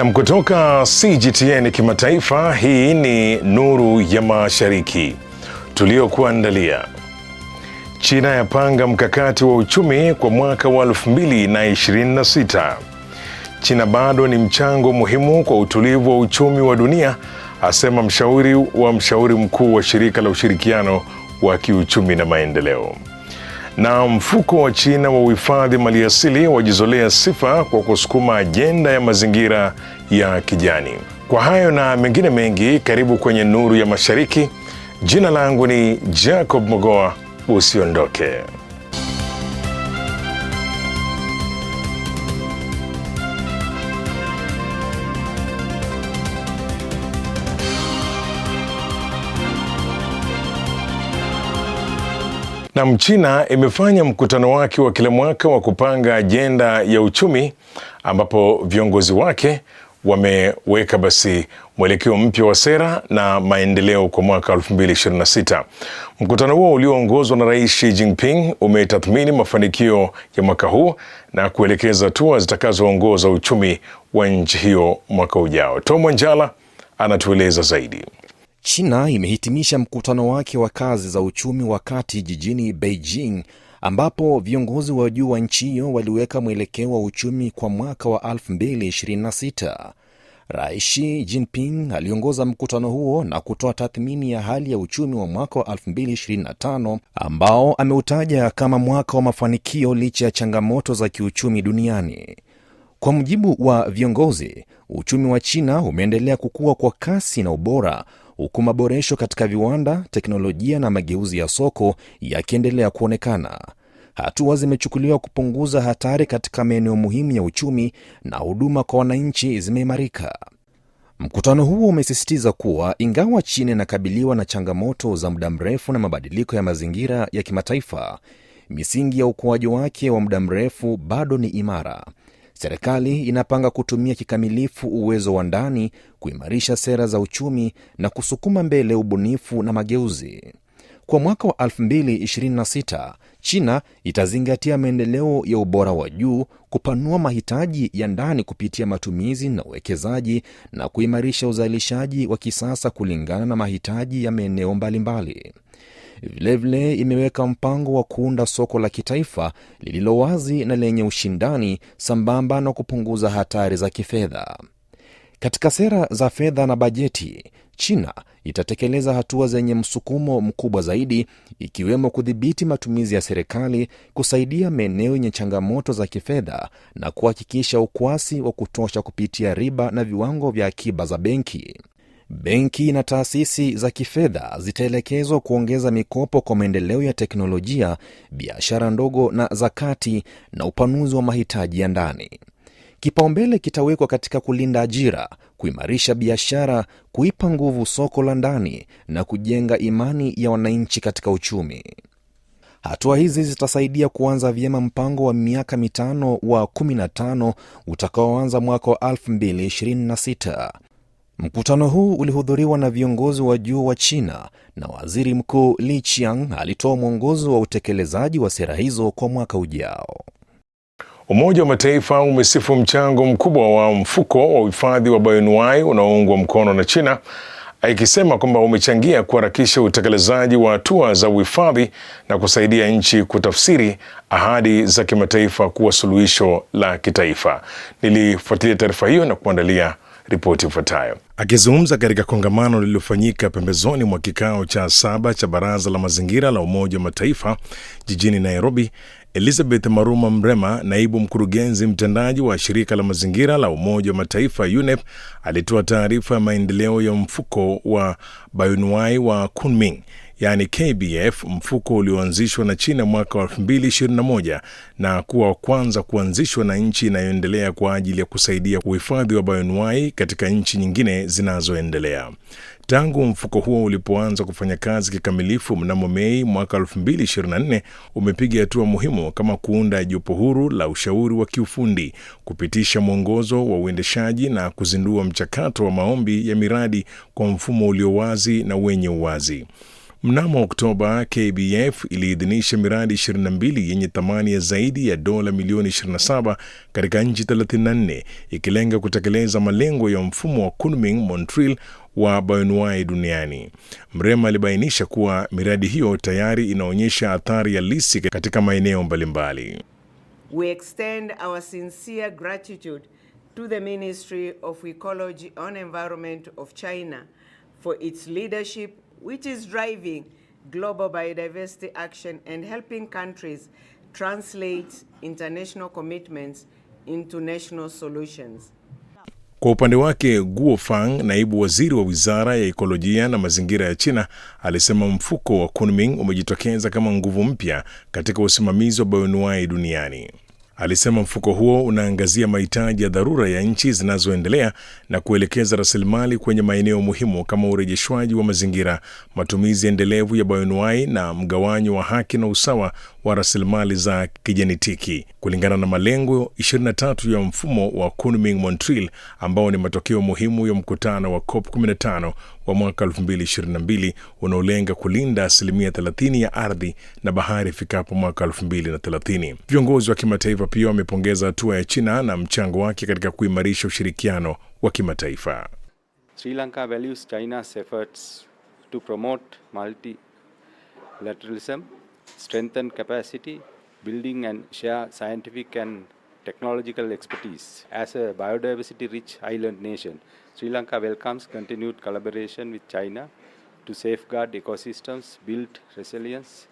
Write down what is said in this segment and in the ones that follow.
Nam kutoka CGTN kimataifa, hii ni Nuru ya Mashariki tuliokuandalia. China yapanga mkakati wa uchumi kwa mwaka wa 2026. China bado ni mchango muhimu kwa utulivu wa uchumi wa dunia, asema mshauri wa mshauri mkuu wa shirika la ushirikiano wa kiuchumi na maendeleo. Na mfuko wa China wa uhifadhi maliasili wajizolea sifa kwa kusukuma ajenda ya mazingira ya kijani. Kwa hayo na mengine mengi, karibu kwenye Nuru ya Mashariki. Jina langu ni Jacob Mogoa, usiondoke. Na Mchina imefanya mkutano wake wa kila mwaka wa kupanga ajenda ya uchumi ambapo viongozi wake wameweka basi mwelekeo mpya wa sera na maendeleo kwa mwaka 2026. Mkutano huo ulioongozwa na Rais Xi Jinping umetathmini mafanikio ya mwaka huu na kuelekeza hatua zitakazoongoza uchumi wa nchi hiyo mwaka ujao. Tom Wanjala anatueleza zaidi. China imehitimisha mkutano wake wa kazi za uchumi wa kati jijini Beijing ambapo viongozi wa juu wa nchi hiyo waliweka mwelekeo wa uchumi kwa mwaka wa 226 Rais Jinping aliongoza mkutano huo na kutoa tathmini ya hali ya uchumi wa mwaka wa 225 ambao ameutaja kama mwaka wa mafanikio licha ya changamoto za kiuchumi duniani. Kwa mujibu wa viongozi, uchumi wa China umeendelea kukua kwa kasi na ubora huku maboresho katika viwanda, teknolojia na mageuzi ya soko yakiendelea kuonekana. Hatua zimechukuliwa kupunguza hatari katika maeneo muhimu ya uchumi na huduma kwa wananchi zimeimarika. Mkutano huo umesisitiza kuwa ingawa China inakabiliwa na changamoto za muda mrefu na mabadiliko ya mazingira ya kimataifa, misingi ya ukuaji wake wa muda mrefu bado ni imara. Serikali inapanga kutumia kikamilifu uwezo wa ndani kuimarisha sera za uchumi na kusukuma mbele ubunifu na mageuzi. Kwa mwaka wa 226 China itazingatia maendeleo ya ubora wa juu, kupanua mahitaji ya ndani kupitia matumizi na uwekezaji, na kuimarisha uzalishaji wa kisasa kulingana na mahitaji ya maeneo mbalimbali. Vilevile imeweka mpango wa kuunda soko la kitaifa lililo wazi na lenye ushindani sambamba na kupunguza hatari za kifedha. Katika sera za fedha na bajeti, China itatekeleza hatua zenye msukumo mkubwa zaidi, ikiwemo kudhibiti matumizi ya serikali, kusaidia maeneo yenye changamoto za kifedha na kuhakikisha ukwasi wa kutosha kupitia riba na viwango vya akiba za benki. Benki na taasisi za kifedha zitaelekezwa kuongeza mikopo kwa maendeleo ya teknolojia, biashara ndogo na za kati, na upanuzi wa mahitaji ya ndani. Kipaumbele kitawekwa katika kulinda ajira, kuimarisha biashara, kuipa nguvu soko la ndani na kujenga imani ya wananchi katika uchumi. Hatua hizi zitasaidia kuanza vyema mpango wa miaka mitano wa 15 utakaoanza mwaka wa 226 Mkutano huu ulihudhuriwa na viongozi wa juu wa China na waziri mkuu Li Qiang alitoa mwongozo wa utekelezaji wa sera hizo kwa mwaka ujao. Umoja wa Mataifa umesifu mchango mkubwa wa mfuko wa uhifadhi wa bayoanuai unaoungwa mkono na China, ikisema kwamba umechangia kuharakisha utekelezaji wa hatua za uhifadhi na kusaidia nchi kutafsiri ahadi za kimataifa kuwa suluhisho la kitaifa. Nilifuatilia taarifa hiyo na kuandalia ripoti ifuatayo. Akizungumza katika kongamano lililofanyika pembezoni mwa kikao cha saba cha baraza la mazingira la Umoja wa Mataifa jijini Nairobi, Elizabeth Maruma Mrema, naibu mkurugenzi mtendaji wa shirika la mazingira la Umoja wa Mataifa UNEP, alitoa taarifa ya maendeleo ya mfuko wa bioanuwai wa Kunming yani KBF, mfuko ulioanzishwa na China mwaka wa 2021 na kuwa wa kwanza kuanzishwa na nchi inayoendelea kwa ajili ya kusaidia uhifadhi wa bayonwai katika nchi nyingine zinazoendelea. Tangu mfuko huo ulipoanza kufanya kazi kikamilifu mnamo Mei mwaka 2024, umepiga hatua muhimu kama kuunda jopo huru la ushauri wa kiufundi, kupitisha mwongozo wa uendeshaji na kuzindua mchakato wa maombi ya miradi kwa mfumo ulio wazi na wenye uwazi. Mnamo Oktoba, KBF iliidhinisha miradi 22 yenye thamani ya zaidi ya dola milioni 27 katika nchi 34 ikilenga kutekeleza malengo ya mfumo wa Kunming Montreal wa bioanuwai duniani. Mrema alibainisha kuwa miradi hiyo tayari inaonyesha athari halisi katika maeneo mbalimbali. We extend our sincere gratitude to the Ministry of Ecology and Environment of China for its leadership which is driving global biodiversity action and helping countries translate international commitments into national solutions. Kwa upande wake Guo Fang, naibu waziri wa wizara ya ekolojia na mazingira ya China, alisema mfuko wa Kunming umejitokeza kama nguvu mpya katika usimamizi wa bioanuwai duniani. Alisema mfuko huo unaangazia mahitaji ya dharura ya nchi zinazoendelea na kuelekeza rasilimali kwenye maeneo muhimu kama urejeshwaji wa mazingira, matumizi endelevu ya bayonwai na mgawanyo wa haki na usawa wa rasilimali za kijenetiki kulingana na malengo 23 ya mfumo wa Kunming Montreal ambao ni matokeo muhimu ya mkutano wa COP 15 wa mwaka 2022 unaolenga kulinda asilimia 30 ya ardhi na bahari ifikapo mwaka 2030. Viongozi wa kimataifa pia wamepongeza hatua ya China na mchango wake katika kuimarisha ushirikiano wa kimataifa. Sri Lanka values China's efforts to promote multilateralism, strengthen capacity building and share scientific and technological expertise as a biodiversity rich island nation Sri Lanka welcomes continued collaboration with China to safeguard ecosystems, build resilience,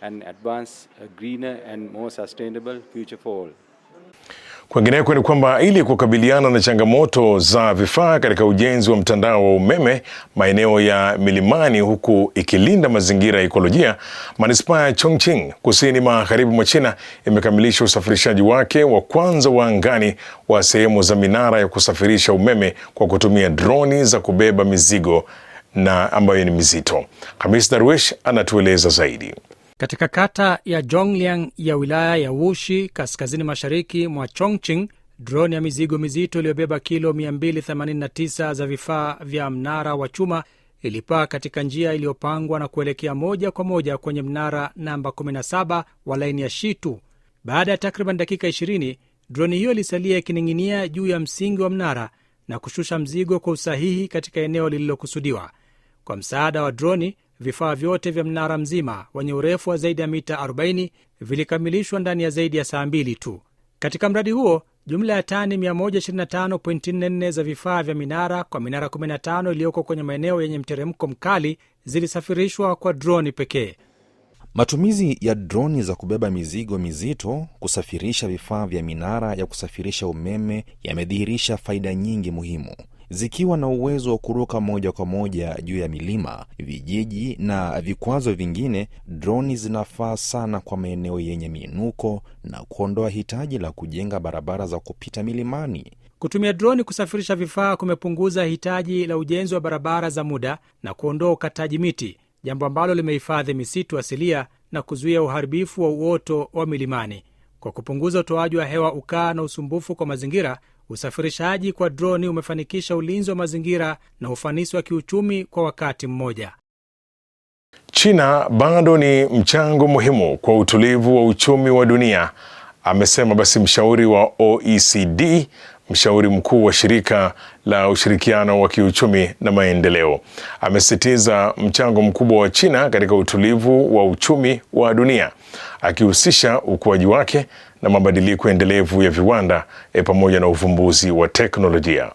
and advance a greener and more sustainable future for all. Kwingineko ni kwamba ili kukabiliana na changamoto za vifaa katika ujenzi wa mtandao wa umeme maeneo ya milimani, huku ikilinda mazingira ya ikolojia manispaa ya Chongqing kusini magharibi mwa China imekamilisha usafirishaji wake wa kwanza wa angani wa sehemu za minara ya kusafirisha umeme kwa kutumia droni za kubeba mizigo na ambayo ni mizito. Hamis Darwish anatueleza zaidi. Katika kata ya Jongliang ya wilaya ya Wushi, kaskazini mashariki mwa chongching droni ya mizigo mizito iliyobeba kilo 289 za vifaa vya mnara wa chuma ilipaa katika njia iliyopangwa na kuelekea moja kwa moja kwenye mnara namba 17 wa laini ya Shitu. Baada ya takriban dakika 20, droni hiyo ilisalia ikining'inia juu ya msingi wa mnara na kushusha mzigo kwa usahihi katika eneo lililokusudiwa. Kwa msaada wa droni, vifaa vyote vya mnara mzima wenye urefu wa zaidi ya mita 40 vilikamilishwa ndani ya zaidi ya saa mbili tu. Katika mradi huo jumla ya tani 125.44 za vifaa vya minara kwa minara 15 iliyoko kwenye maeneo yenye mteremko mkali zilisafirishwa kwa droni pekee. Matumizi ya droni za kubeba mizigo mizito kusafirisha vifaa vya minara ya kusafirisha umeme yamedhihirisha faida nyingi muhimu zikiwa na uwezo wa kuruka moja kwa moja juu ya milima, vijiji na vikwazo vingine. Droni zinafaa sana kwa maeneo yenye miinuko na kuondoa hitaji la kujenga barabara za kupita milimani. Kutumia droni kusafirisha vifaa kumepunguza hitaji la ujenzi wa barabara za muda na kuondoa ukataji miti, jambo ambalo limehifadhi misitu asilia na kuzuia uharibifu wa uoto wa milimani. Kwa kupunguza utoaji wa hewa ukaa na usumbufu kwa mazingira, usafirishaji kwa droni umefanikisha ulinzi wa mazingira na ufanisi wa kiuchumi kwa wakati mmoja. China bado ni mchango muhimu kwa utulivu wa uchumi wa dunia, amesema basi mshauri wa OECD, mshauri mkuu wa shirika la ushirikiano wa kiuchumi na maendeleo. Amesisitiza mchango mkubwa wa China katika utulivu wa uchumi wa dunia, akihusisha ukuaji wake na mabadiliko endelevu ya viwanda e, pamoja na uvumbuzi wa teknolojia.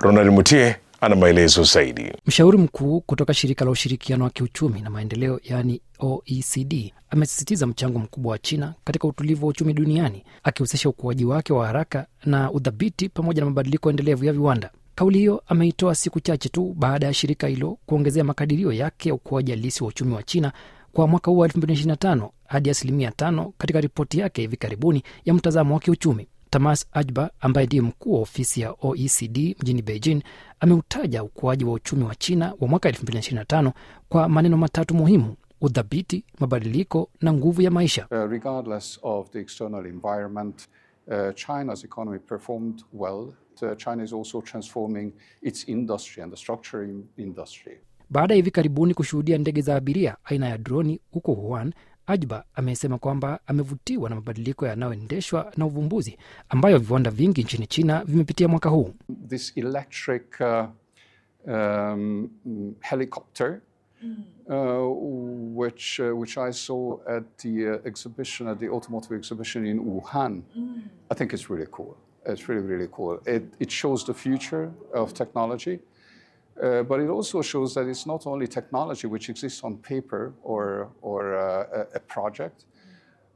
Ronald Mutie ana maelezo zaidi. Mshauri mkuu kutoka shirika la ushirikiano wa kiuchumi na maendeleo yaani OECD amesisitiza mchango mkubwa wa China katika utulivu wa uchumi duniani, akihusisha ukuaji wake wa haraka na udhabiti pamoja na mabadiliko endelevu ya viwanda. Kauli hiyo ameitoa siku chache tu baada ya shirika hilo kuongezea makadirio yake ya ukuaji halisi wa uchumi wa China kwa mwaka huu wa 2025 hadi asilimia tano katika ripoti yake hivi karibuni ya mtazamo wa kiuchumi. Tamas Ajba ambaye ndiye mkuu wa ofisi ya OECD mjini Beijing ameutaja ukuaji wa uchumi wa China wa mwaka 2025 kwa maneno matatu muhimu: udhabiti, mabadiliko na nguvu ya maisha. Uh, regardless of the external environment, uh, China's economy performed well. Uh, China is also transforming its industry and the industry baada ya hivi karibuni kushuhudia ndege za abiria aina ya droni huko Wuhan. Ajba amesema kwamba amevutiwa na mabadiliko yanayoendeshwa na uvumbuzi ambayo viwanda vingi nchini China vimepitia mwaka huu. This electric, uh, um, helicopter, hmm. uh, which, uh, which I saw at the uh, exhibition, at the automotive exhibition in Wuhan. Hmm. I think it's really cool. It's really, really cool. It, it shows the future of technology. Uh, but it also shows that it's not only technology which exists on paper or, or uh, a, a project,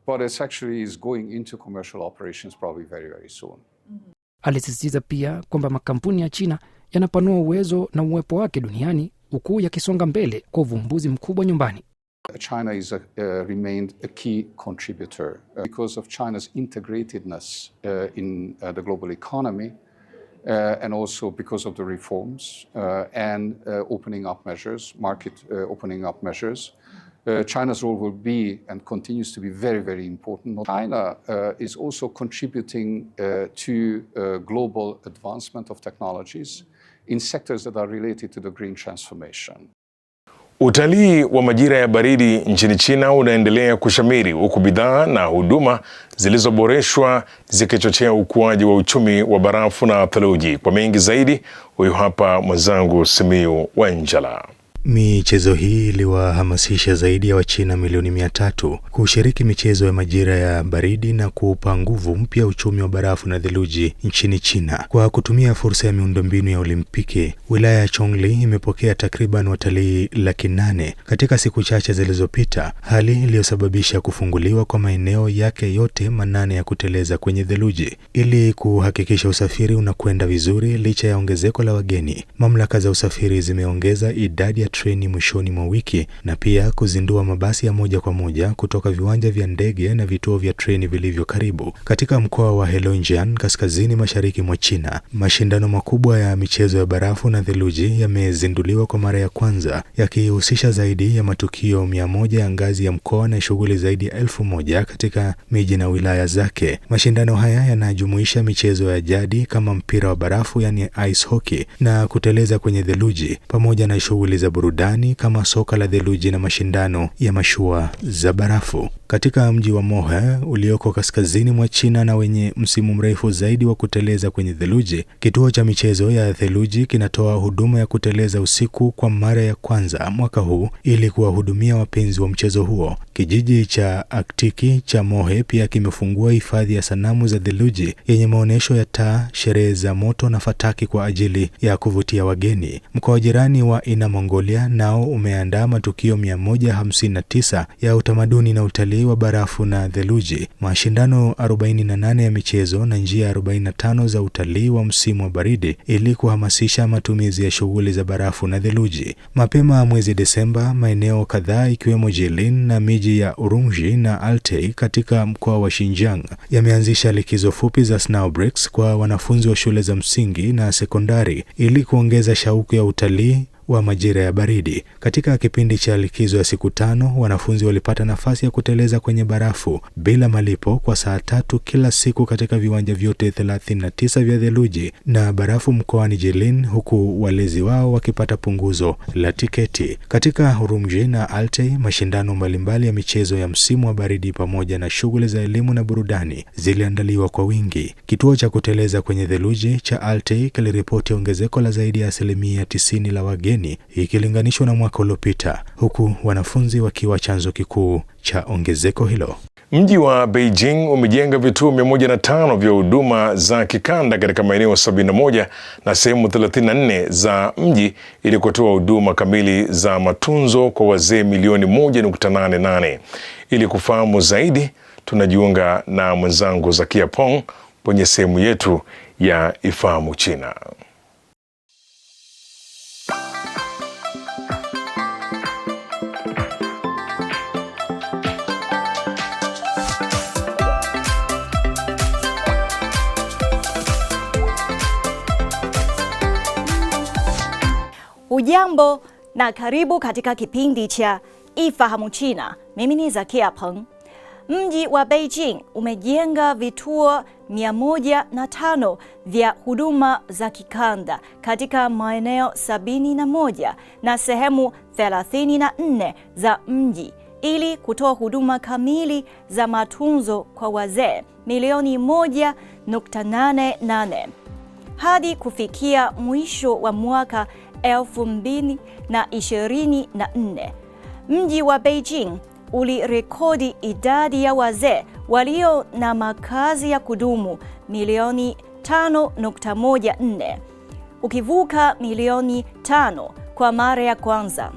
but it actually is going into commercial operations probably very, very soon. Mm -hmm. Alisisitiza pia kwamba makampuni ya China yanapanua uwezo na uwepo wake duniani huku yakisonga mbele kwa uvumbuzi mkubwa nyumbani. China is a, uh, remained a key contributor uh, because of China's integratedness uh, in uh, the global economy. uh, Uh, and also because of the reforms uh, and uh, opening up measures, market opening up measures. China's role will be and continues to be very, very important. China is also contributing to global advancement of technologies in sectors that are related to the green transformation. Utalii wa majira ya baridi nchini China unaendelea kushamiri huku bidhaa na huduma zilizoboreshwa zikichochea ukuaji wa uchumi wa barafu na theluji. Kwa mengi zaidi, huyu hapa mwenzangu Simiu Wanjala. Michezo hii iliwahamasisha zaidi ya Wachina milioni mia tatu kushiriki michezo ya majira ya baridi na kuupa nguvu mpya uchumi wa barafu na theluji nchini China. Kwa kutumia fursa ya miundombinu ya Olimpiki, wilaya ya Chongli imepokea takriban watalii laki nane katika siku chache zilizopita, hali iliyosababisha kufunguliwa kwa maeneo yake yote manane ya kuteleza kwenye theluji ili kuhakikisha usafiri unakwenda vizuri licha ya ongezeko la wageni. Mamlaka za usafiri zimeongeza idadi ya treni mwishoni mwa wiki na pia kuzindua mabasi ya moja kwa moja kutoka viwanja vya ndege na vituo vya treni vilivyo karibu katika mkoa wa Heilongjiang kaskazini mashariki mwa China. Mashindano makubwa ya michezo ya barafu na theluji yamezinduliwa kwa mara ya kwanza yakihusisha zaidi ya matukio mia moja ya ngazi ya mkoa na shughuli zaidi ya elfu moja katika miji na wilaya zake. Mashindano haya yanajumuisha michezo ya jadi kama mpira wa barafu, yani ice hockey, na kuteleza kwenye theluji pamoja na shughuli za burudani kama soka la theluji na mashindano ya mashua za barafu. Katika mji wa Mohe ulioko kaskazini mwa China na wenye msimu mrefu zaidi wa kuteleza kwenye theluji, kituo cha michezo ya theluji kinatoa huduma ya kuteleza usiku kwa mara ya kwanza mwaka huu ili kuwahudumia wapenzi wa mchezo huo. Kijiji cha Aktiki cha Mohe pia kimefungua hifadhi ya sanamu za theluji yenye maonyesho ya taa, sherehe za moto na fataki kwa ajili ya kuvutia wageni. Mkoa jirani wa Ina Mongolia Mongolia nao umeandaa matukio 159 ya utamaduni na utalii wa barafu na theluji, mashindano 48 ya michezo na njia 45 za utalii wa msimu wa baridi ili kuhamasisha matumizi ya shughuli za barafu na theluji. Mapema mwezi Desemba, maeneo kadhaa ikiwemo Jilin na miji ya urumji na Altai katika mkoa wa Xinjiang yameanzisha likizo fupi za snow breaks kwa wanafunzi wa shule za msingi na sekondari ili kuongeza shauku ya utalii wa majira ya baridi. Katika kipindi cha likizo ya siku tano, wanafunzi walipata nafasi ya kuteleza kwenye barafu bila malipo kwa saa tatu kila siku katika viwanja vyote 39 vya theluji na barafu mkoani Jilin, huku walezi wao wakipata punguzo la tiketi. Katika Hurumji na Altay, mashindano mbalimbali ya michezo ya msimu wa baridi pamoja na shughuli za elimu na burudani ziliandaliwa kwa wingi. Kituo cha kuteleza kwenye theluji cha Altay kiliripoti ongezeko la zaidi ya asilimia 90 la wageni shuleni ikilinganishwa na mwaka uliopita, huku wanafunzi wakiwa chanzo kikuu cha ongezeko hilo. Mji wa Beijing umejenga vituo 105 vya huduma za kikanda katika maeneo 71 na sehemu 34 za mji ili kutoa huduma kamili za matunzo kwa wazee milioni 1.88. Ili kufahamu zaidi, tunajiunga na mwenzangu Zakia Pong kwenye sehemu yetu ya Ifahamu China. ujambo na karibu katika kipindi cha Ifahamu China. Mimi ni Zakia Peng. Mji wa Beijing umejenga vituo 105 vya huduma za kikanda katika maeneo 71 na sehemu 34 za mji ili kutoa huduma kamili za matunzo kwa wazee milioni 1.88 hadi kufikia mwisho wa mwaka 2024. mji wa Beijing ulirekodi idadi ya wazee walio na makazi ya kudumu milioni 5.14 ukivuka milioni 5 kwa mara ya kwanza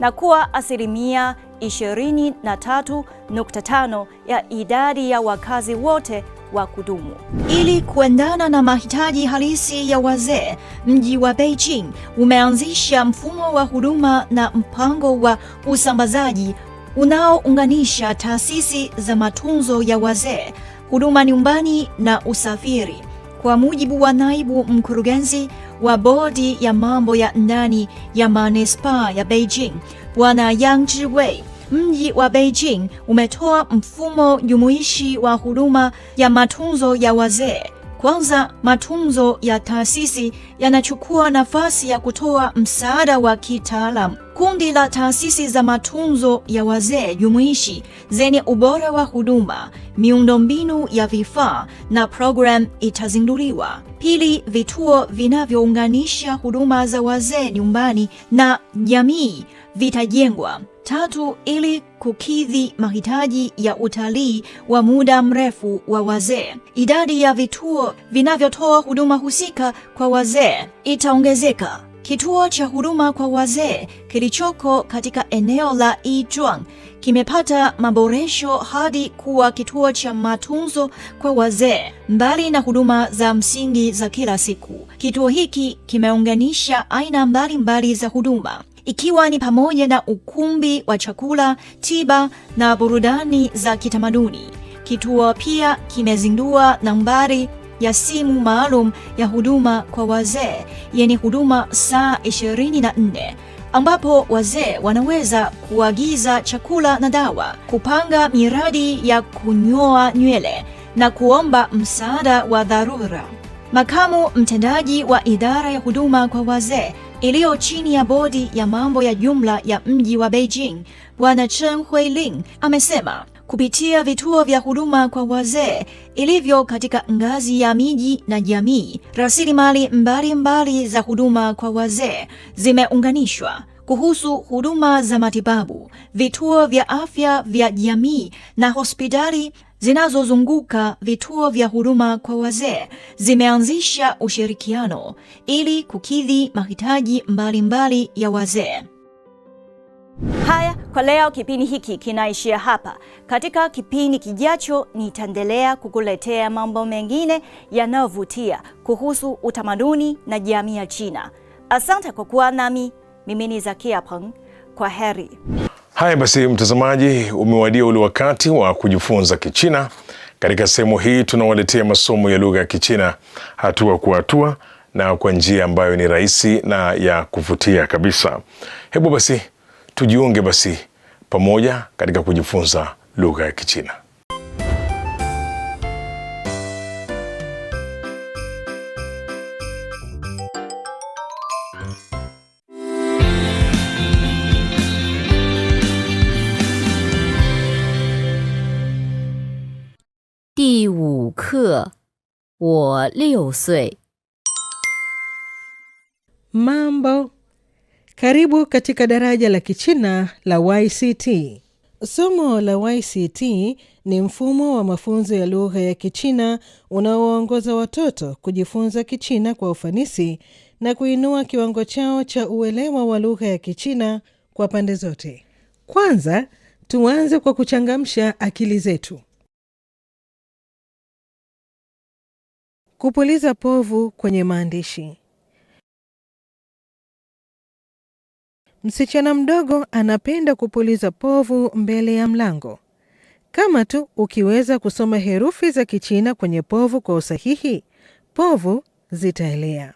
na kuwa asilimia 23.5 ya idadi ya wakazi wote wa kudumu. Ili kuendana na mahitaji halisi ya wazee, mji wa Beijing umeanzisha mfumo wa huduma na mpango wa usambazaji unaounganisha taasisi za matunzo ya wazee, huduma nyumbani na usafiri. Kwa mujibu wa naibu mkurugenzi wa bodi ya mambo ya ndani ya manispaa ya Beijing, Bwana Yang Zhiwei Mji wa Beijing umetoa mfumo jumuishi wa huduma ya matunzo ya wazee. Kwanza, matunzo ya taasisi yanachukua nafasi ya kutoa msaada wa kitaalamu. Kundi la taasisi za matunzo ya wazee jumuishi zenye ubora wa huduma, miundombinu ya vifaa na program itazinduliwa. Pili, vituo vinavyounganisha huduma za wazee nyumbani na jamii vitajengwa. Tatu, ili kukidhi mahitaji ya utalii wa muda mrefu wa wazee, idadi ya vituo vinavyotoa huduma husika kwa wazee itaongezeka. Kituo cha huduma kwa wazee kilichoko katika eneo la Ijuang kimepata maboresho hadi kuwa kituo cha matunzo kwa wazee. Mbali na huduma za msingi za kila siku, kituo hiki kimeunganisha aina mbalimbali mbali za huduma ikiwa ni pamoja na ukumbi wa chakula, tiba na burudani za kitamaduni. Kituo pia kimezindua nambari ya simu maalum ya huduma kwa wazee yenye huduma saa 24 ambapo wazee wanaweza kuagiza chakula na dawa, kupanga miradi ya kunyoa nywele na kuomba msaada wa dharura. Makamu mtendaji wa idara ya huduma kwa wazee iliyo chini ya bodi ya mambo ya jumla ya mji wa Beijing, Bwana Chen Huiling amesema kupitia vituo vya huduma kwa wazee ilivyo katika ngazi ya miji na jamii, rasilimali mbalimbali za huduma kwa wazee zimeunganishwa kuhusu huduma za matibabu, vituo vya afya vya jamii na hospitali zinazozunguka vituo vya huduma kwa wazee zimeanzisha ushirikiano ili kukidhi mahitaji mbalimbali ya wazee. Haya, kwa leo kipindi hiki kinaishia hapa. Katika kipindi kijacho, nitaendelea kukuletea mambo mengine yanayovutia kuhusu utamaduni na jamii ya China. Asante kwa kuwa nami. Mimi ni Zakia Pang, kwa heri. Haya basi, mtazamaji, umewadia ule wakati wa kujifunza Kichina. Katika sehemu hii tunawaletea masomo ya lugha ya Kichina hatua kwa hatua na kwa njia ambayo ni rahisi na ya kuvutia kabisa. Hebu basi tujiunge basi pamoja katika kujifunza lugha ya Kichina. 我六岁。Mambo, karibu katika daraja la Kichina la YCT. Somo la YCT ni mfumo wa mafunzo ya lugha ya Kichina unaowaongoza watoto kujifunza Kichina kwa ufanisi na kuinua kiwango chao cha uelewa wa lugha ya Kichina kwa pande zote. Kwanza, tuanze kwa kuchangamsha akili zetu. Kupuliza povu kwenye maandishi. Msichana mdogo anapenda kupuliza povu mbele ya mlango. Kama tu ukiweza kusoma herufi za Kichina kwenye povu kwa usahihi, povu zitaelea.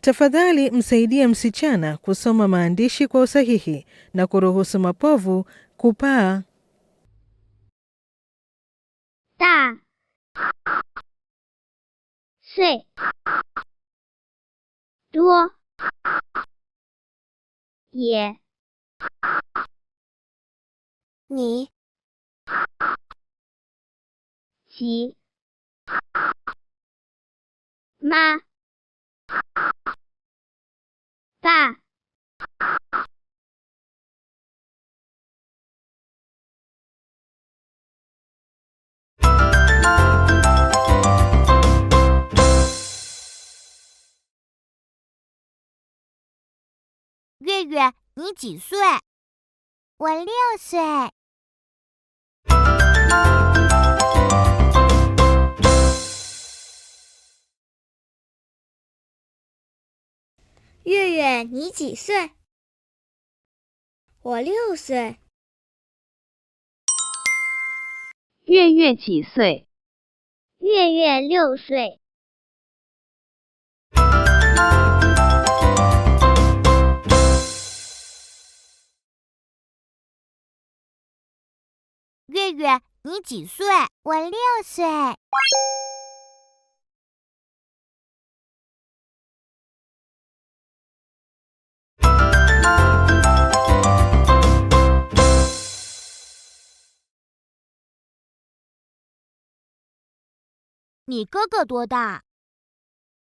Tafadhali msaidie msichana kusoma maandishi kwa usahihi na kuruhusu mapovu kupaa. Ta. 岁多也，你几妈爸。月月，你几岁？我六岁。月月，你几岁？我六岁。月月几岁？月月六岁。月，你几岁？我六岁。你哥哥多大？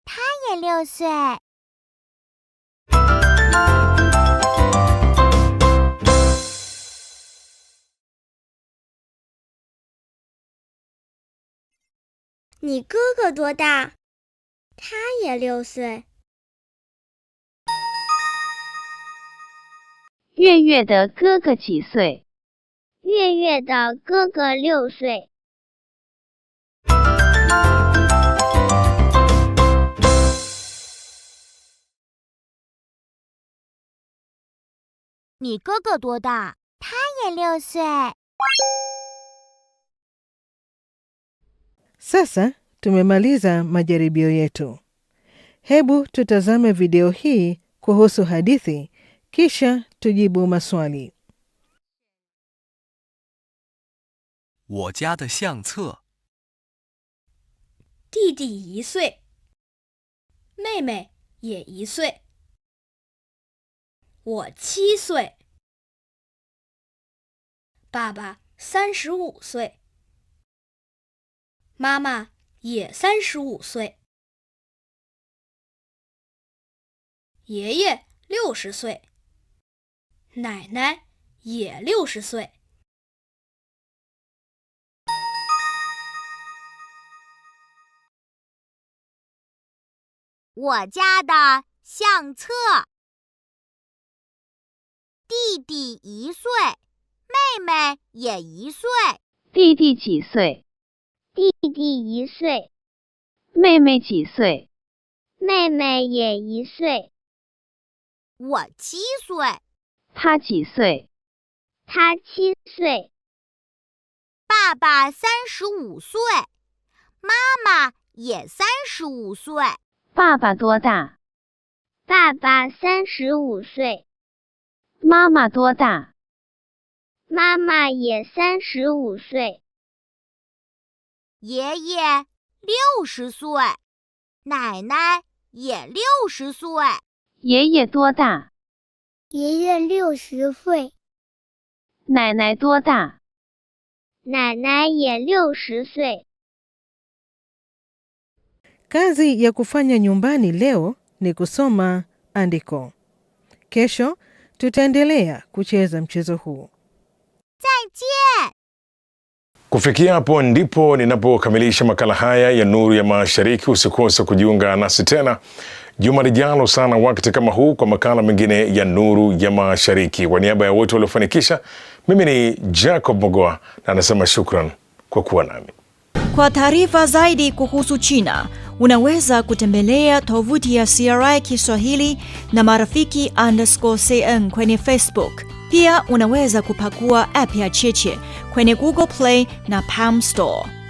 他也六岁。你哥哥多大？他也六岁。月月的哥哥几岁？月月的哥哥六岁。你哥哥多大？他也六岁。Sasa tumemaliza majaribio yetu. Hebu tutazame video hii kuhusu hadithi, kisha tujibu maswali. 我家的相册。弟弟一岁，妹妹也一岁，我七岁，爸爸三十五岁。妈妈也三十五岁，爷爷六十岁，奶奶也六十岁。我家的相册，弟弟一岁，妹妹也一岁。弟弟几岁？弟弟一岁，妹妹几岁？妹妹也一岁。我七岁，他几岁？他七岁。爸爸三十五岁，妈妈也三十五岁。爸爸多大？爸爸三十五岁。妈妈多大？妈妈也三十五岁。爷爷六十岁，奶奶也六十岁。爷爷多大？爷爷六十岁。奶奶多大？奶奶也六十岁。Kazi ya kufanya nyumbani leo ni kusoma andiko. Kesho tutaendelea kucheza mchezo huu. 再见。Kufikia hapo ndipo ninapokamilisha makala haya ya Nuru ya Mashariki. Usikose kujiunga nasi tena juma lijalo sana wakati kama huu kwa makala mengine ya Nuru ya Mashariki. Kwa niaba ya wote waliofanikisha, mimi ni Jacob Mogoa na anasema shukran kwa kuwa nami. Kwa taarifa zaidi kuhusu China unaweza kutembelea tovuti ya CRI Kiswahili na marafiki underscore cn kwenye Facebook. Pia unaweza kupakua app ya Cheche kwenye Google Play na Palm Store.